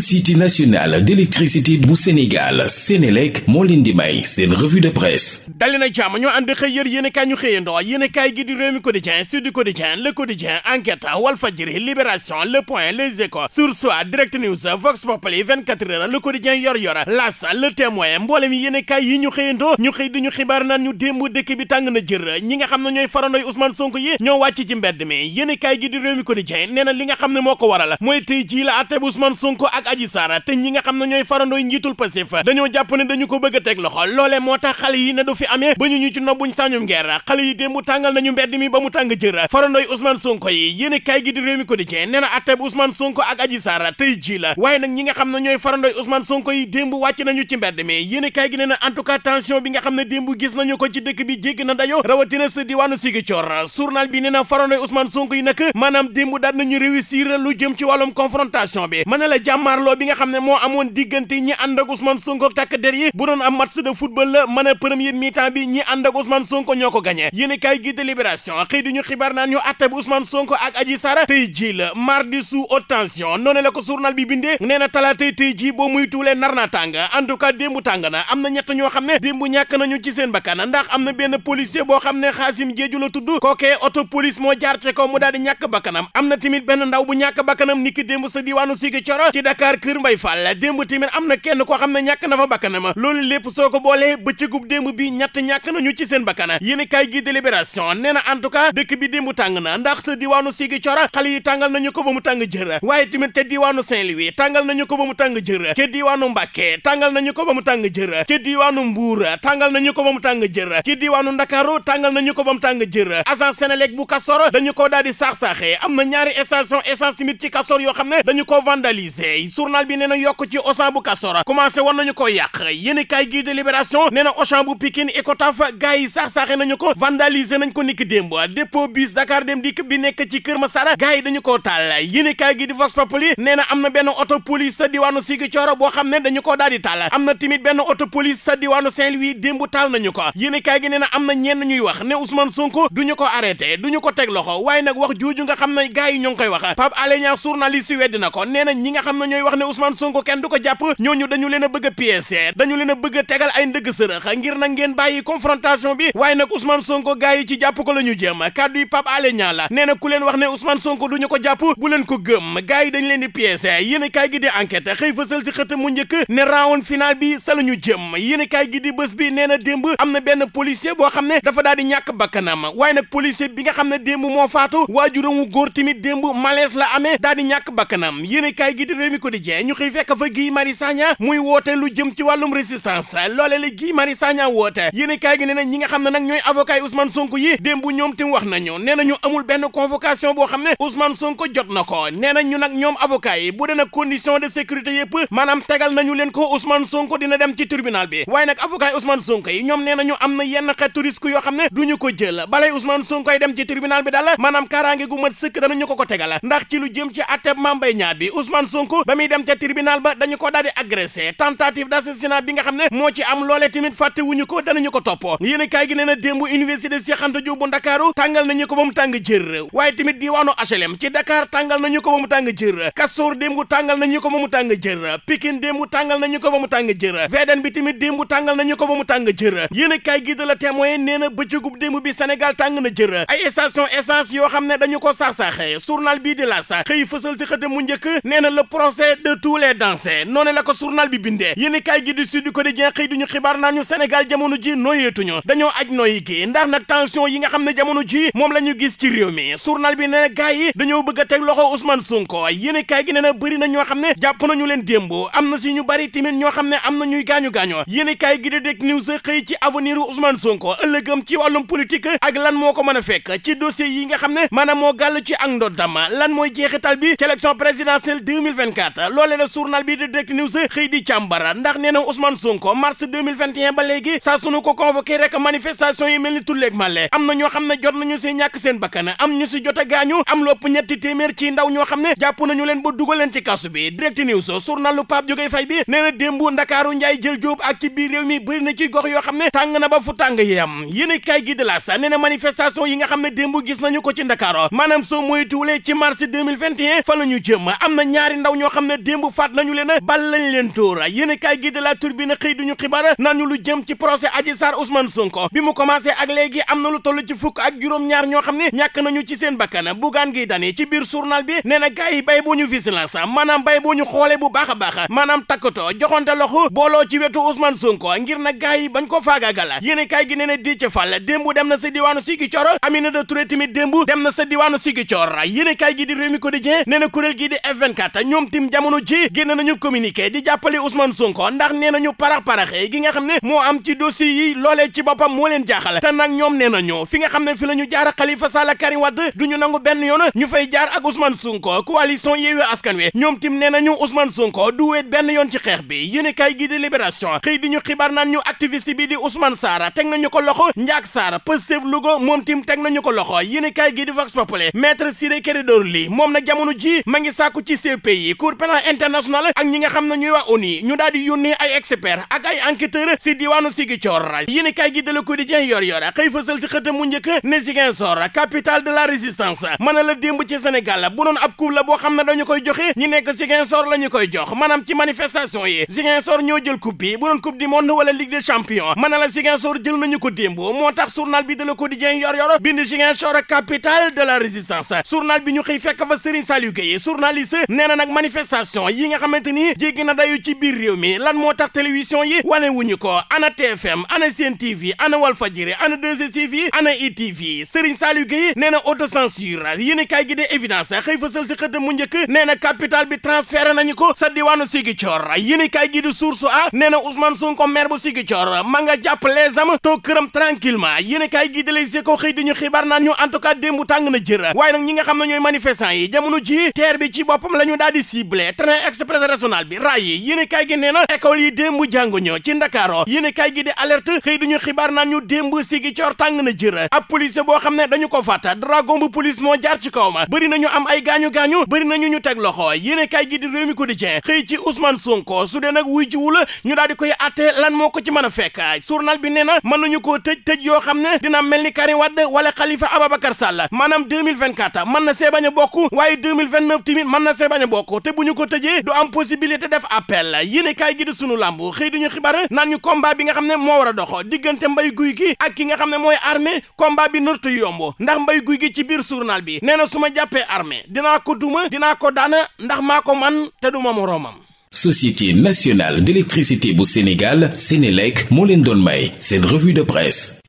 société nationale d'électricité bu Sénégal Sénélec moo leen di may seen revue de presse dali na ñoo ànd xëy yër yéen i kaay ñu xëyandoo yéen i kaay gi di Rewmi Quotidien Sud Quotidien Le Quotidien Enquête Walfadjri Libération Le Point Les Échos Source A Direct News Vox Populi 24 Heures Le Quotidien Yor Yor L'As Le Témoin mboolem yéen i kaay yi ñu xëyandoo ñu ñu xibaar naan ñu démb dëkk bi na jër ñi nga xam ne ñooy farandoy Ousmane Sonko ak Adji Sarr te ñi nga xam ne ñooy farandooy njiitul Pastef dañoo jàpp ne dañu ko bëgg a teg loxo loolee moo tax xale yi ne amee ba ñu ñu ci nobbuñ sañum guerre xale yi démb tàngal nañu mbedd mi ba mu tàng jër farandooy Ousmane Sonko yi yéen gi di Rewmi Quotidien nee na atteb tey ji la waaye nag ñi nga xam na ñooy farandooy Ousmane Sonko yi démb wàcc nañu ci mbedd mi yéen kay gi nee en tout cas tension bi ne démb gis nañu ko ci dëkk bi jégg na dayo rawatina sa diwaanu Ziguinchor bi nee na farandooy Ousmane yi nag maanaam démb daal nañu réussir lu jëm ci wàllum confrontation bi mën na la jàmm jàmmaarloo bi nga xam ne moo amoon diggante ñi ànd ak Ousmane Sonko takk der yi bu doon am match de football la mën a premier mi-temps bi ñi ànd ak Ousmane Sonko ñoo ko gagné yéen kaay gi de Libération xëy di ñu xibaar naan ñu atte bi Ousmane Sonko ak Adji Sarr tey jii la mardi sous haute tension noonu ko journal bi bindee nee na talaatay tey jii boo muy tuulee nar na tàng en tout cas démb tàng na am na ñett ñoo xam ne démb ñàkk nañu ci seen bakkan ndax am na benn policier boo xam ne Xaasim Jeeju la tudd kookee auto police moo jaar ci kaw mu daal di am na tamit benn ndaw bu ñàkk bakkanam niki démb sa diwaanu Ziguinchor ci Dakar Kër Mbay Fall démb tamit am na kenn koo xam ne ñàkk na fa bakkanam loolu lépp soo ko boolee bëccëgub démb bi ñett ñàkk nañu ci seen bakkan yéen kaay gi délibération nee na en tout cas dëkk bi démb tàng na ndax sa diwaanu Ziguinchor tàngal nañu ko ba mu tàng jër waaye tamit ca diwaanu Saint-Louis tàngal nañu ko ba mu tàng jër ca diwaanu Mbàkke tàngal nañu ko ba mu tàng jër ca diwaanu Mbuur tàngal nañu ko ba mu tàng jër ci diwaanu Ndakaaru tàngal nañu ko ba mu tàng jër agent Senelec bu Kasor dañu ko daal di saax-saaxee am na ñaari station essence tamit ci Kasor yoo xam ne dañu ko vandaliser yi journal bi nee na yokk ci Auchan bu Castor commencé war nañu ko yàq yéen kaay gii de libération nee na Auchan bu Pikine Icotaf gars yi sax-saaxe nañu ko vandaliser nañ ko nikk démb dépôt bus Dakar dem dikk bi nekk ci Kër Masara gars yi dañu koo taal yéen gi gii di Vox Populi nee na am na benn auto police sa diwaanu Ziguinchor boo xam ne dañu ko daal di am na tamit benn auto police sa diwaanu Saint-Louis démb taal nañu ko yéen kaay gi nee na am na ñenn ñuy wax ne Ousmane Sonko duñu ko arrêté duñu ko teg loxo waaye nag wax jooju nga xam ne gars yi ñoo ngi koy wax Pape Alé Niang journaliste yi weddi na ñi nga xam ne ñooy wax ne Ousmane Sonko kenn du ko jàpp ñooñu dañu leen a bëgg a leen bëgg tegal ay ndëgg ngir nag ngeen bàyyi confrontation bi waaye nag Ousmane Sonko gars yi ci jàpp ko la ñu jëm kàddu yi Pape Alé Niang nee na ku leen wax ne Ousmane Sonko du duñu ko jàpp bu leen ko gëm gars yi dañ leen di piéger yéen a kaay gi di enquête xëy fësal ci xëtt mu njëkk ne round final bi sa la ñu jëm yéen a kaay gi di bés bi nee na démb am na benn policier boo xam ne dafa daal di ñàkk bakkanam waaye nag policier bi nga xam ne démb moo faatu waajuram wu góor timit démb malaise la amee daal di ñàkk bakkanam yéen a kaay gi di Quotidien ñu xëy fekk fa Guy Marius Sagna muy woote lu jëm ci wàllum résistance loole la Guy Marius Sagna woote yéen kaay gi nee na ñi nga xam ne nag ñooy avocat yi Ousmane Sonko yi démb ñoom tim wax nañu nee nañu amul benn convocation boo xam ne Ousmane Sonko jot na ko nee na ñu nag ñoom avocat yi bu dee nag condition de sécurité yëpp maanaam tegal nañu leen ko Ousmane Sonko dina dem ci tribunal bi waaye nag yi Ousmane yi ñoom nee na yenn xeetu risque yoo xam ne duñu ko jël balay Ousmane Sonko yi dem ci tribunal bi daal maanaam kaaraange gu mat sëkk danañu ko ko tegal ndax ci lu jëm ci atteb Mame Mbaye Niang ba muy dem ca tribunal ba dañu ko daal di agressé tentative d'assassinat bi nga xam ne moo ci am loolee tamit fàtte wuñu ko danañu ko topp yéen kaay gi nee na démb université Cheikh Anta Diop bu Ndakaaru tàngal nañu ko ba mu tàng jër waaye tamit diiwaanu HLM ci Dakar tàngal nañu ko ba mu tàng jër Kassoor ko mu tàng jër Pikine démb tàngal bi tamit démb tàngal nañu na bëccëgub démb bi yoo xam ne dañu ko saax-saaxe bii di la sa xëy fësal ci xëtam mu njëkk nee na le dansé de tous les dansés noonu la ko journal bi bindee yéen kaay gi di Sud Quotidien xëy duñu xibaar naa ñu Sénégal jamono ji nooyeetuñu dañoo aj nooyi gi ndax nag tension yi nga xam ne jamono ji moom la ñu gis ci réew mi journal bi nee na gars yi dañoo bëgg teg loxo Ousmane Sonko yéen kaay gi nee na bëri na ñoo xam ne jàpp nañu leen démb am na si bari bëri tamit ñoo xam ne am na ñuy gaañu-gaañoo yéen kaay gi di Direct News xëy ci avenir Ousmane Sonko ëllëgëm ci wàllum politique ak lan moo ko mën a fekk ci dossier yi nga xam ne maanaam moo gàll ci ak ndoddama mooy jeexital bi ci élection présidentielle 2024 2024 loole la journal bii di Direct News xëy di càmbara ndax nee na Ousmane Sonko mars 2021 ba léegi sa sunu ko convoqué rek manifestation yi mel ni tulleeg male am na ñoo xam ne jot nañu si ñàkk seen bakkan am ñu si jot a gaañu am lopp ñetti téeméer ci ndaw ñoo xam ne jàpp nañu leen ba dugal leen ci kasu bi Direct News journal lu Pape Jógee Fay bi nee na Ndakaaru Njaay jël jóob ak ci biir réew mi bëri na ci gox yoo xam ne tàng na ba fu tàng yi am yéen kay gi de la sa nee na manifestation yi nga xam ne démb gis nañu ko ci Ndakaaro maanaam soo moytuwulee ci mars 2021 fa la ñu jëm am na ñaari ndaw ñoo xam ne démb faat nañu leen bal lañ leen tóor yéenekaay gi de La Tribune xëy duñu xibaar naan ñu lu jëm ci procès Adji Sarr son Sonko bi mu commencé ak léegi am na lu toll ci fukk ak juróom-ñaar ñoo xam ne ñàkk nañu ci seen bakkan bugaan gi dane ci biir journal bi nee na gars yi bay boo ñu vigilance maanaam bay boo ñu xoole bu baax a baax maanaam takkatoo joxante loxo booloo ci wetu Ousmane Sonko ngir na gars yi bañ ko faagaagal yéenekaay gi nee na di ci fàll démb dem na sa diwaanu Ziguinchor Aminata Touré tamit démb dem na sa diwaanu Ziguinchor yéenekaay gi di Rewmi Quotidien nee na kuréel gi di F24 ñoom Karim jamono ji génn nañu communiqué di jàppale Ousmane Sonko ndax nee nañu parax-paraxe gi nga xam ne moo am ci dossier yi loolee ci boppam moo leen jaaxal te nag ñoom nee nañu fi nga xam ne fi la ñu jaar Khalifa Sall ak Karim du ñu nangu benn yoon ñu fay jaar ak Ousmane Sonko coalition Yewwi Askan Wi ñoom tim nee nañu Ousmane Sonko du weet benn yoon ci xeex bi yéen kay gi di Libération xëy di ñu xibaar naan ñu activiste bi di Ousmane saara teg nañu ko loxo Ndiak Sarr Pastef Louga moom tim teg nañu ko loxo yéen kay gi di Vox Populi maître Ciré Clédor Ly moom nag jamono ji ma ngi sàkku ci CPI cour sur plan ak ñi nga xam ne ñuy waa ONU ñu daal di ay expert ak ay enquêteur si diwaanu Ziguinchor yéen nekk Ziguinchor la ñu koy jox maanaam ci manifestation yi Ziguinchor ñoo jël coupe bi bu doon coupe du monde wala ligue des champions mën a jël nañu ko démb moo tax journal bi de bind Ziguinchor capitale de la résistance journal bi ñu xëy fekk fa Serigne Saliou Gueye journaliste nee na nag manifestation manifestation yi nga xamante ni jéggi na dayu ci biir mi lan moo tax télévision yi wane wuñu ko ana TFM ana Sen TV ana Walfadjri ana 2STV ana ITV Serigne Saliou Gueye nee na autocensure yéenekaay gi de évidence xëy fasal ci xëtam mu njëkk nee na capital bi transféré nañu ko sa diwaanu Ziguinchor yéenekaay gi di Source A nee na Ousmane Sonko maire bu Ziguinchor ma nga jàpp les am toog këram tranquillement yéenekaay gi de Les Échos xëy ñu xibaar naan ñu en tout cas démb na jër waaye nag plaît train express régional bi raay yi yéen i kaay gi nee na école yi démb jànguñu ci ndakaaro yéen i gi di alerte xëy duñu xibaar naan ñu démb sigi coor tàng na jër ab police boo xam ne dañu ko fàtta dragon bu police moo jaar ci kaw ma bëri nañu am ay gaañu-gaañu bëri nañu ñu teg loxo yéen i gi di réew mi quotidien xëy ci Ousmane Sonko su wuy ji wula ñu daal di koy atte lan moo ko ci mën a fekk journal bi nee na mën nañu tëj tëj yoo xam ne dina ñu ko tëjee du am possibilité def appel yéene kaay gi di sunu làmb xëy duñu xibaar naan ñu combat bi nga xam ne moo war a dox diggante mbay guy gi ak ki nga xam ne mooy armée combat bi narta yomb ndax mbay guy gi ci biir journal bi nee na su ma jàppee armée dinaa ko duma dinaa ko daana ndax maa ko man te du duma moroomam société nationale d'électricité bu Sénégal Sénélec moo leen doon may seen revue de presse